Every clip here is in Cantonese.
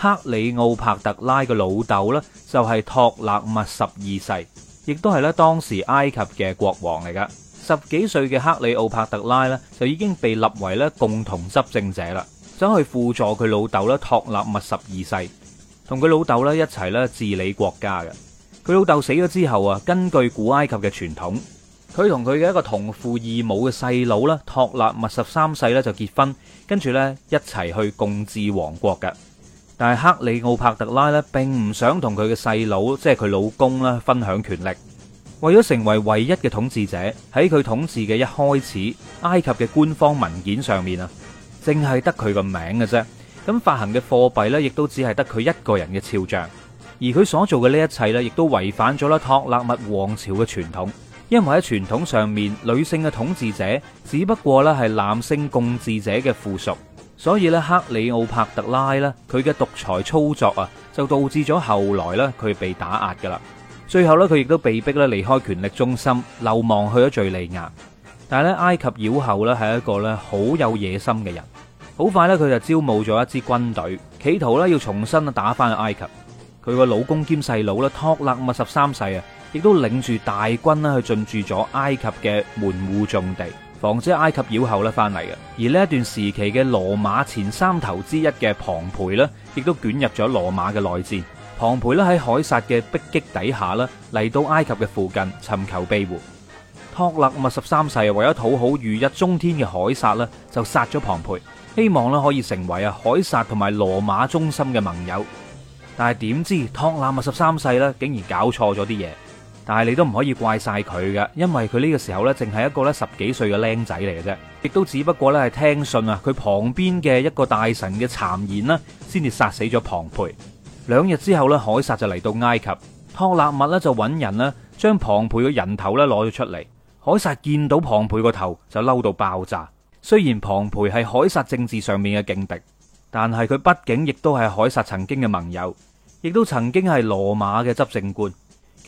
克里奧帕特拉嘅老豆呢，就係托勒密十二世，亦都係咧當時埃及嘅國王嚟噶。十幾歲嘅克里奧帕特拉呢，就已經被立為咧共同執政者啦，想去輔助佢老豆咧托勒密十二世，同佢老豆咧一齊咧治理國家嘅。佢老豆死咗之後啊，根據古埃及嘅傳統，佢同佢嘅一個同父異母嘅細佬咧托勒密十三世咧就結婚，跟住咧一齊去共治王國嘅。但係克里奧帕特拉咧，並唔想同佢嘅細佬，即係佢老公啦，分享權力。為咗成為唯一嘅統治者，喺佢統治嘅一開始，埃及嘅官方文件上面啊，淨係得佢個名嘅啫。咁發行嘅貨幣呢，亦都只係得佢一個人嘅肖像。而佢所做嘅呢一切呢，亦都違反咗啦托勒密王朝嘅傳統，因為喺傳統上面，女性嘅統治者只不過咧係男性共治者嘅附屬。所以咧，克里奧帕特拉咧，佢嘅獨裁操作啊，就導致咗後來咧佢被打壓噶啦。最後呢，佢亦都被迫咧離開權力中心，流亡去咗敘利亞。但係咧，埃及妖后呢，係一個咧好有野心嘅人，好快呢，佢就招募咗一支軍隊，企圖咧要重新打返埃及。佢個老公兼細佬咧托勒密十三世啊，亦都領住大軍呢去進駐咗埃及嘅門戶重地。防止埃及妖后咧翻嚟嘅，而呢一段時期嘅羅馬前三頭之一嘅龐培咧，亦都捲入咗羅馬嘅內戰。龐培咧喺凱撒嘅逼擊底下啦，嚟到埃及嘅附近尋求庇護。托勒密十三世為咗討好如日中天嘅凱撒啦，就殺咗龐培，希望咧可以成為啊凱撒同埋羅馬忠心嘅盟友。但係點知托勒密十三世咧竟然搞錯咗啲嘢。但係你都唔可以怪晒佢嘅，因為佢呢個時候咧，淨係一個咧十幾歲嘅僆仔嚟嘅啫，亦都只不過咧係聽信啊佢旁邊嘅一個大臣嘅讒言啦，先至殺死咗龐培。兩日之後咧，凱撒就嚟到埃及，托勒密咧就揾人咧將龐培嘅人頭咧攞咗出嚟。凱撒見到龐培個頭就嬲到爆炸。雖然龐培係凱撒政治上面嘅勁敵，但係佢畢竟亦都係凱撒曾經嘅盟友，亦都曾經係羅馬嘅執政官。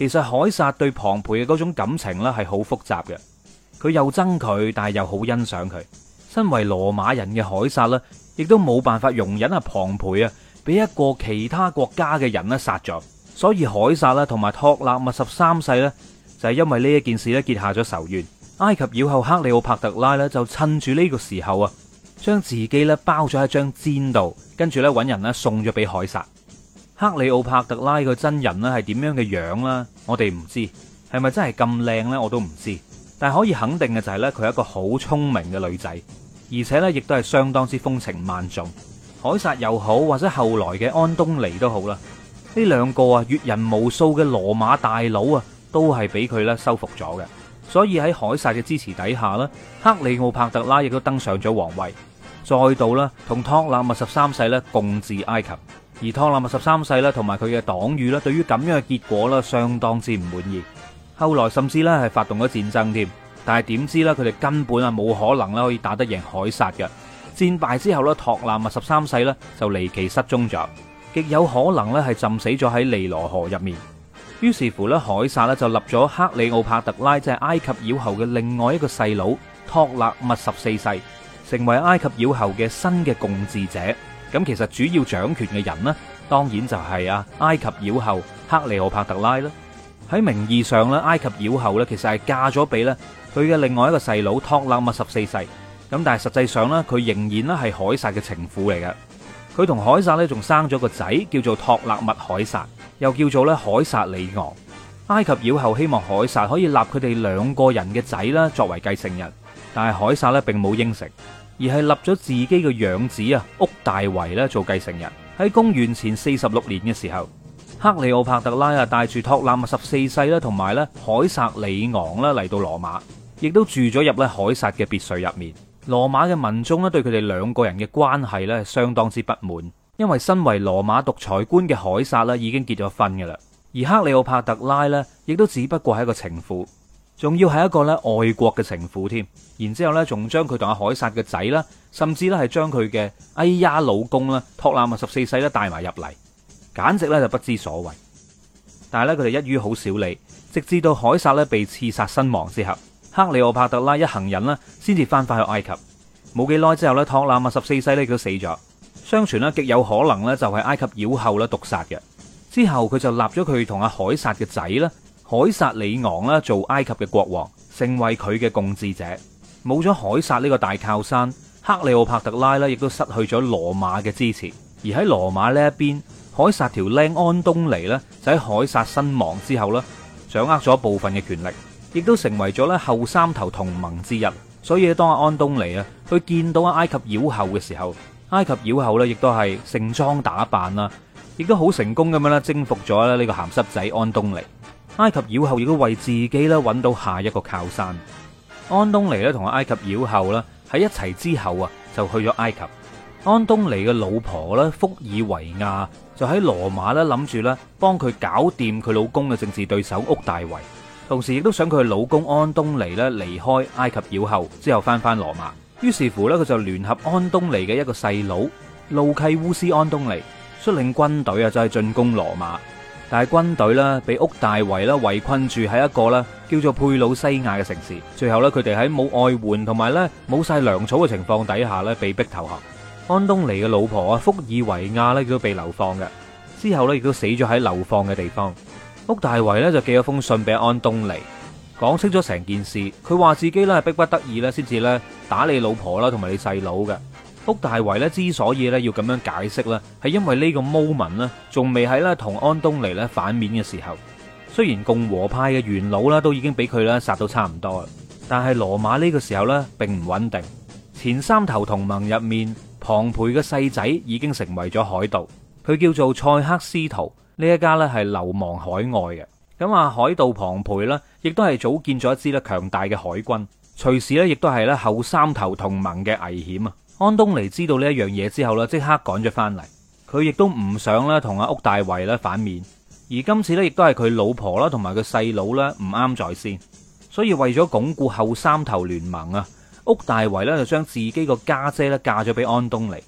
其實凱撒對龐培嘅嗰種感情咧係好複雜嘅，佢又憎佢，但係又好欣賞佢。身為羅馬人嘅凱撒呢，亦都冇辦法容忍啊龐培啊，俾一個其他國家嘅人咧殺咗。所以凱撒啦同埋托勒密十三世呢，就係、是、因為呢一件事咧結下咗仇怨。埃及妖后克里奧帕特拉呢，就趁住呢個時候啊，將自己咧包咗一張氈度，跟住揾人咧送咗俾凱撒。克里奧帕特拉個真人咧係點樣嘅樣啦？我哋唔知，係咪真係咁靚呢？我都唔知。但係可以肯定嘅就係，呢佢係一個好聰明嘅女仔，而且呢亦都係相當之風情萬種。凱撒又好，或者後來嘅安東尼都好啦，呢兩個啊閱人無數嘅羅馬大佬啊，都係俾佢咧收服咗嘅。所以喺凱撒嘅支持底下啦，克里奧帕特拉亦都登上咗皇位，再度啦同托勒密十三世咧共治埃及。而托勒密十三世咧，同埋佢嘅黨羽咧，對於咁樣嘅結果咧，相當之唔滿意。後來甚至咧係發動咗戰爭添，但係點知咧，佢哋根本啊冇可能咧可以打得贏凱撒嘅。戰敗之後咧，托勒密十三世咧就離奇失蹤咗，極有可能咧係浸死咗喺尼羅河入面。於是乎咧，凱撒咧就立咗克里奧帕特拉，即係埃及妖后嘅另外一個細佬托勒密十四世，成為埃及妖后嘅新嘅共治者。咁其實主要掌權嘅人呢，當然就係阿埃及妖后克利奧帕特拉啦。喺名義上咧，埃及妖后咧其實係嫁咗俾咧佢嘅另外一個細佬托勒密十四世。咁但係實際上咧，佢仍然咧係凱撒嘅情婦嚟嘅。佢同凱撒咧仲生咗個仔叫做托勒密凱撒，又叫做咧凱撒里昂。埃及妖后希望凱撒可以立佢哋兩個人嘅仔啦作為繼承人，但係凱撒咧並冇應承。而係立咗自己嘅養子啊，屋大維咧做繼承人。喺公元前四十六年嘅時候，克里奧帕特拉啊帶住托勒密十四世啦同埋咧凱撒里昂啦嚟到羅馬，亦都住咗入咧凱撒嘅別墅入面。羅馬嘅民眾咧對佢哋兩個人嘅關係咧相當之不滿，因為身為羅馬獨裁官嘅凱撒啦已經結咗婚㗎啦，而克里奧帕特拉咧亦都只不過係一個情婦。仲要係一個咧外國嘅情婦添，然之後咧仲將佢同阿凱撒嘅仔啦，甚至咧係將佢嘅哎呀老公啦托納默十四世咧帶埋入嚟，簡直咧就不知所謂。但係咧佢哋一於好少理，直至到凱撒咧被刺殺身亡之後，克里奧帕特拉一行人咧先至翻返去埃及。冇幾耐之後咧，托納默十四世咧都死咗，相傳呢極有可能呢就係埃及妖后啦毒殺嘅。之後佢就立咗佢同阿凱撒嘅仔啦。凱撒里昂啦，做埃及嘅國王，成為佢嘅共治者。冇咗凱撒呢個大靠山，克里奧帕特拉咧，亦都失去咗羅馬嘅支持。而喺羅馬呢一邊，凱撒條靚安東尼咧，就喺凱撒身亡之後咧，掌握咗部分嘅權力，亦都成為咗咧後三頭同盟之一。所以當阿安東尼啊，佢見到阿埃及妖后嘅時候，埃及妖后咧，亦都係盛裝打扮啦，亦都好成功咁樣咧，征服咗咧呢個鹹濕仔安東尼。埃及妖后亦都為自己揾到下一個靠山。安東尼咧同阿埃及妖后咧喺一齊之後啊，就去咗埃及。安東尼嘅老婆咧，福爾維亞就喺羅馬咧諗住咧幫佢搞掂佢老公嘅政治對手屋大維，同時亦都想佢老公安東尼咧離開埃及妖后之後翻翻羅馬。於是乎咧，佢就聯合安東尼嘅一個細佬路契烏斯安東尼，率領軍隊啊，就係進攻羅馬。但係軍隊呢，俾屋大維呢圍困住喺一個呢叫做佩魯西亞嘅城市。最後呢，佢哋喺冇外援同埋呢冇晒糧草嘅情況底下呢，被逼投降。安東尼嘅老婆啊，福爾維亞呢，亦都被流放嘅。之後呢，亦都死咗喺流放嘅地方。屋大維呢，就寄咗封信俾安東尼，講清咗成件事。佢話自己呢，係逼不得已呢，先至呢打你老婆啦同埋你細佬嘅。屋大維咧之所以咧要咁樣解釋咧，係因為呢個 moment 咧仲未喺咧同安東尼咧反面嘅時候，雖然共和派嘅元老啦都已經俾佢啦殺到差唔多啦，但係羅馬呢個時候咧並唔穩定，前三頭同盟入面龐培嘅細仔已經成為咗海盜，佢叫做塞克斯圖，呢一家咧係流亡海外嘅，咁啊海盜龐培啦亦都係組建咗一支咧強大嘅海軍。隨時咧，亦都係咧後三頭同盟嘅危險啊！安東尼知道呢一樣嘢之後咧，即刻趕咗翻嚟。佢亦都唔想咧同阿屋大維咧反面，而今次咧亦都係佢老婆啦同埋佢細佬啦唔啱在先，所以為咗鞏固後三頭聯盟啊，屋大維咧就將自己個家姐咧嫁咗俾安東尼。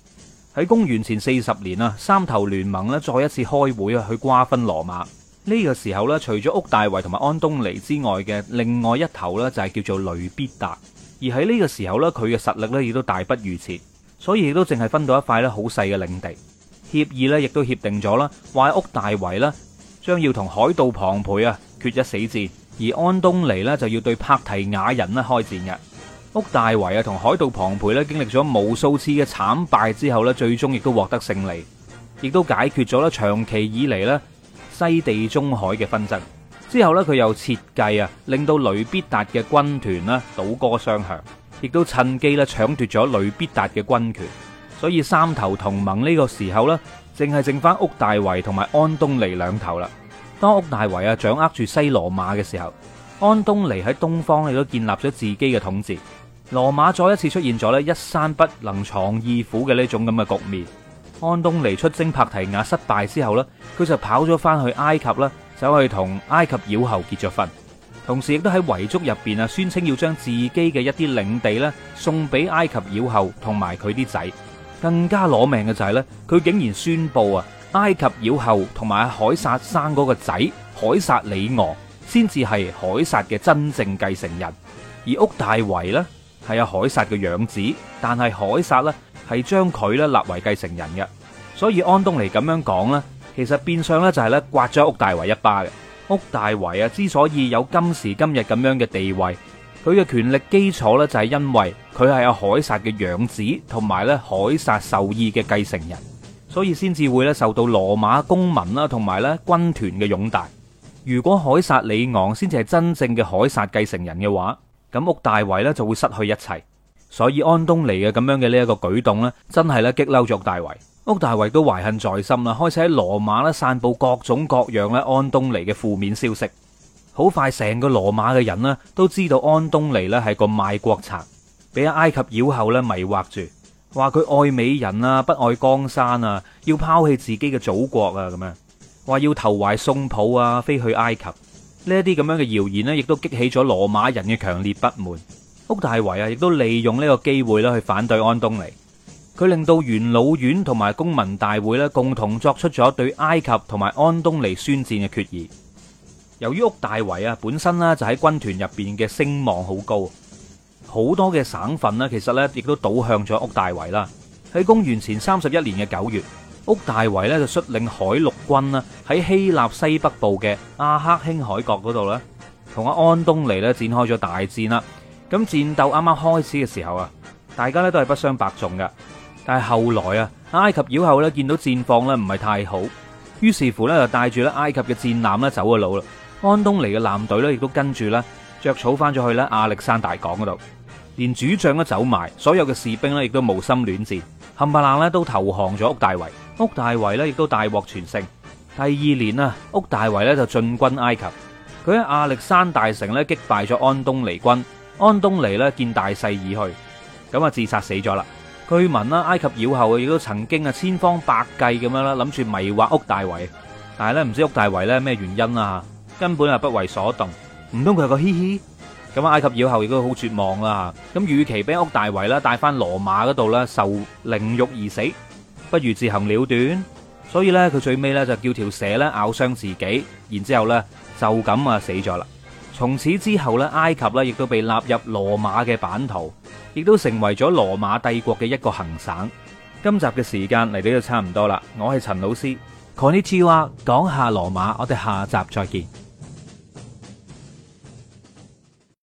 喺公元前四十年啊，三頭聯盟咧再一次開會啊，去瓜分羅馬。呢個時候咧，除咗屋大維同埋安東尼之外嘅另外一頭呢就係叫做雷必達。而喺呢個時候呢，佢嘅實力呢亦都大不如前，所以亦都淨係分到一塊咧好細嘅領地。協議呢亦都協定咗啦，話屋大維呢將要同海盜龐培啊決一死戰，而安東尼呢就要對帕提亞人呢開戰嘅。屋大維啊同海盜龐培呢經歷咗無數次嘅慘敗之後呢，最終亦都獲得勝利，亦都解決咗啦長期以嚟呢。西地中海嘅紛爭之後呢，佢又設計啊，令到雷必達嘅軍團呢倒戈相向，亦都趁機咧搶奪咗雷必達嘅軍權。所以三頭同盟呢個時候呢，淨係剩翻屋大維同埋安東尼兩頭啦。當屋大維啊掌握住西羅馬嘅時候，安東尼喺東方亦都建立咗自己嘅統治。羅馬再一次出現咗呢一山不能藏二虎嘅呢種咁嘅局面。安東尼出征帕提亞失敗之後呢，佢就跑咗翻去埃及啦，走去同埃及妖后結咗婚，同時亦都喺遺囑入邊啊，宣稱要將自己嘅一啲領地呢送俾埃及妖后同埋佢啲仔，更加攞命嘅就係呢，佢竟然宣布啊，埃及妖后同埋凱撒生嗰個仔凱撒里俄，先至係凱撒嘅真正繼承人，而屋大維呢，係阿凱撒嘅養子，但係凱撒呢。係將佢咧立為繼承人嘅，所以安東尼咁樣講呢，其實變相咧就係咧刮咗屋大維一巴嘅。屋大維啊，之所以有今時今日咁樣嘅地位，佢嘅權力基礎呢就係因為佢係阿凱撒嘅養子，同埋咧凱撒受益嘅繼承人，所以先至會咧受到羅馬公民啦同埋咧軍團嘅擁戴。如果凱撒里昂先至係真正嘅凱撒繼承人嘅話，咁屋大維咧就會失去一切。所以安東尼嘅咁樣嘅呢一個舉動咧，真係咧激嬲咗大維，屋大維都懷恨在心啦，開始喺羅馬咧散布各種各樣咧安東尼嘅負面消息。好快成個羅馬嘅人咧都知道安東尼咧係個賣國賊，俾埃及妖后咧迷惑住，話佢愛美人啊，不愛江山啊，要拋棄自己嘅祖國啊，咁樣，話要投懷送抱啊，飛去埃及。呢一啲咁樣嘅謠言呢，亦都激起咗羅馬人嘅強烈不滿。屋大維啊，亦都利用呢個機會咧去反對安東尼。佢令到元老院同埋公民大會咧共同作出咗對埃及同埋安東尼宣戰嘅決議。由於屋大維啊本身呢就喺軍團入邊嘅聲望好高，好多嘅省份呢其實呢亦都倒向咗屋大維啦。喺公元前三十一年嘅九月，屋大維呢就率領海陸軍啦喺希臘西北部嘅阿克興海角嗰度咧同阿安東尼呢展開咗大戰啦。咁戰鬥啱啱開始嘅時候啊，大家咧都係不相伯仲嘅。但係後來啊，埃及妖后呢見到戰況呢唔係太好，於是乎呢就帶住咧埃及嘅戰艦呢走咗佬啦。安東尼嘅艦隊呢亦都跟住呢著，著草翻咗去咧亞歷山大港嗰度，連主將都走埋，所有嘅士兵呢亦都無心戀戰，冚唪唥呢都投降咗屋大維。屋大維呢亦都大獲全勝。第二年啊，屋大維呢就進軍埃及，佢喺亞歷山大城呢擊敗咗安東尼軍。安東尼咧見大勢已去，咁啊自殺死咗啦。據聞啦，埃及妖后亦都曾經啊千方百計咁樣啦，諗住迷惑屋大維，但係咧唔知屋大維咧咩原因啊，根本啊不為所動。唔通佢係個嘻嘻？咁埃及妖后亦都好絕望啦。咁與其俾屋大維啦帶翻羅馬嗰度啦受凌辱而死，不如自行了斷。所以咧佢最尾咧就叫條蛇咧咬傷自己，然之後咧就咁啊死咗啦。從此之後咧，埃及咧亦都被納入羅馬嘅版圖，亦都成為咗羅馬帝國嘅一個行省。今集嘅時間嚟到就差唔多啦，我係陳老師，call the teacher 講下羅馬，我哋下集再見。